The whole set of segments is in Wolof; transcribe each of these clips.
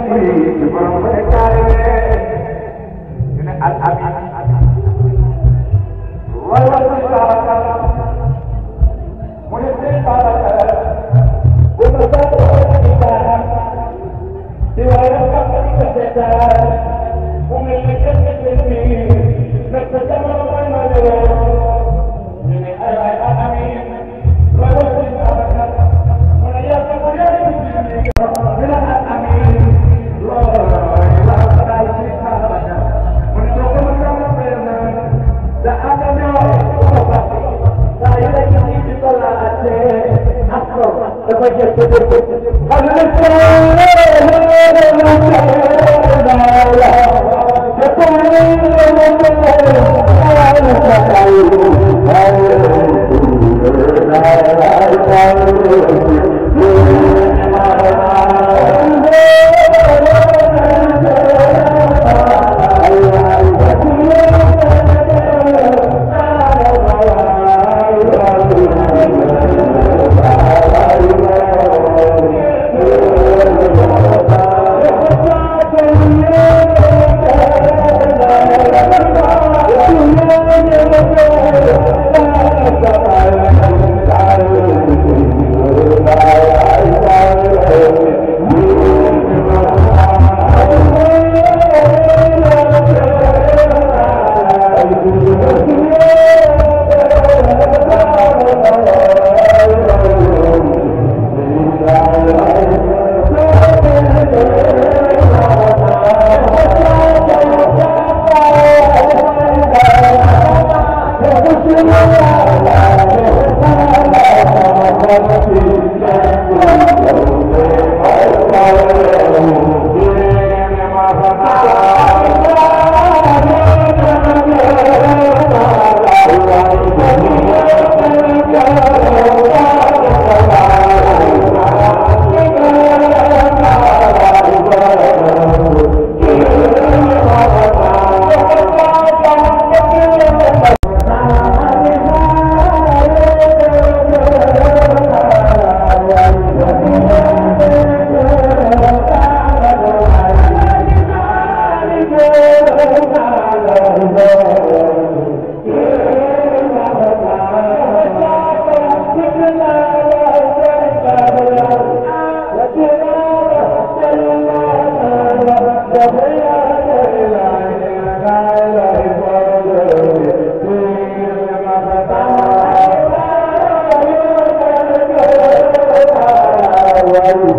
moo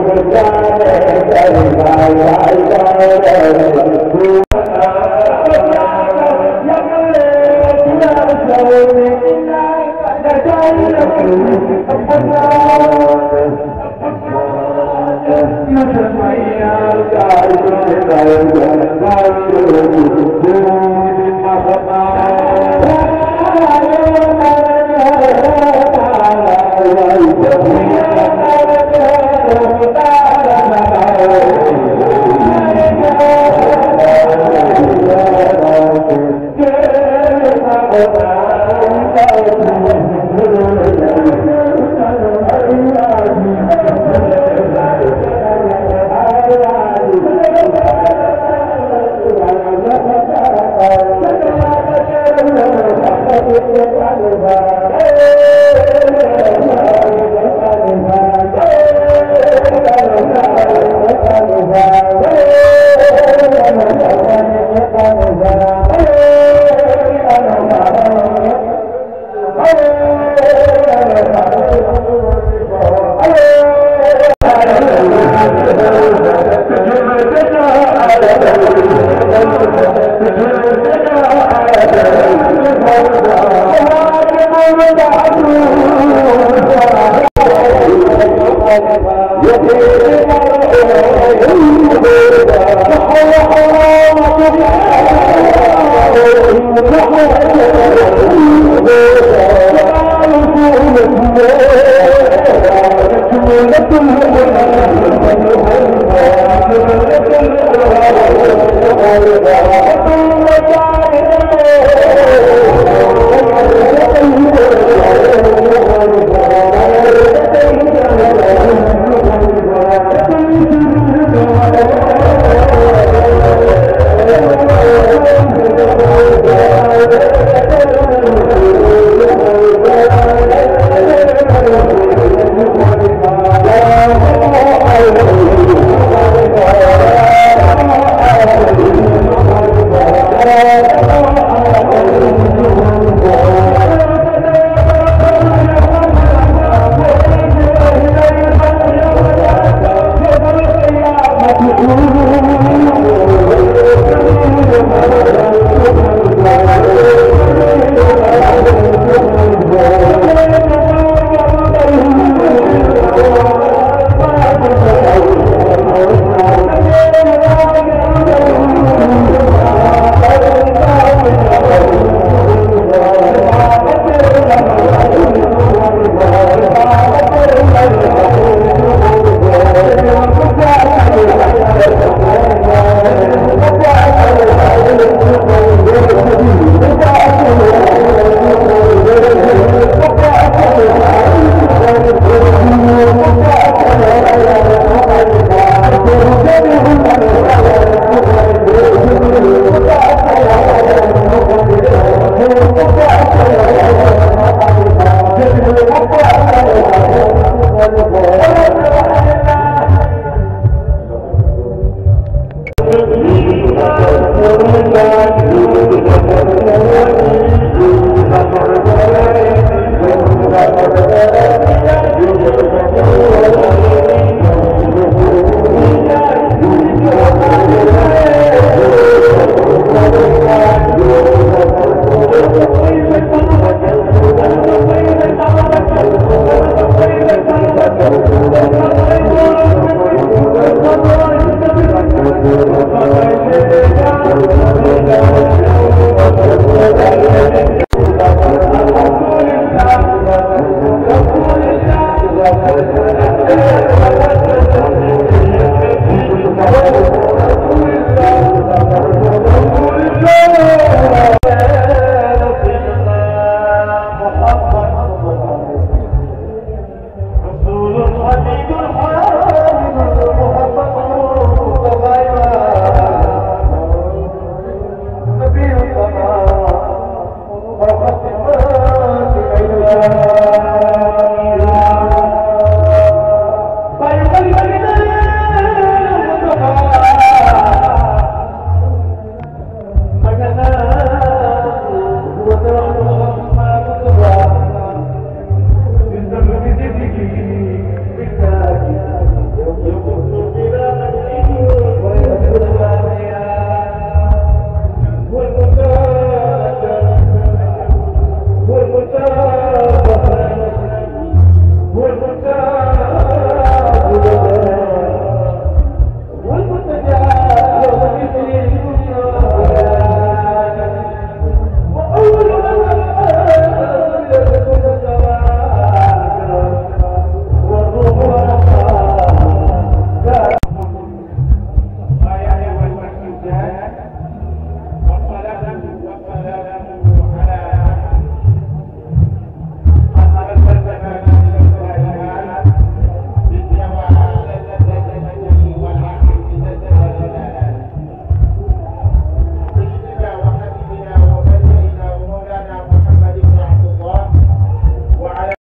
Thank you.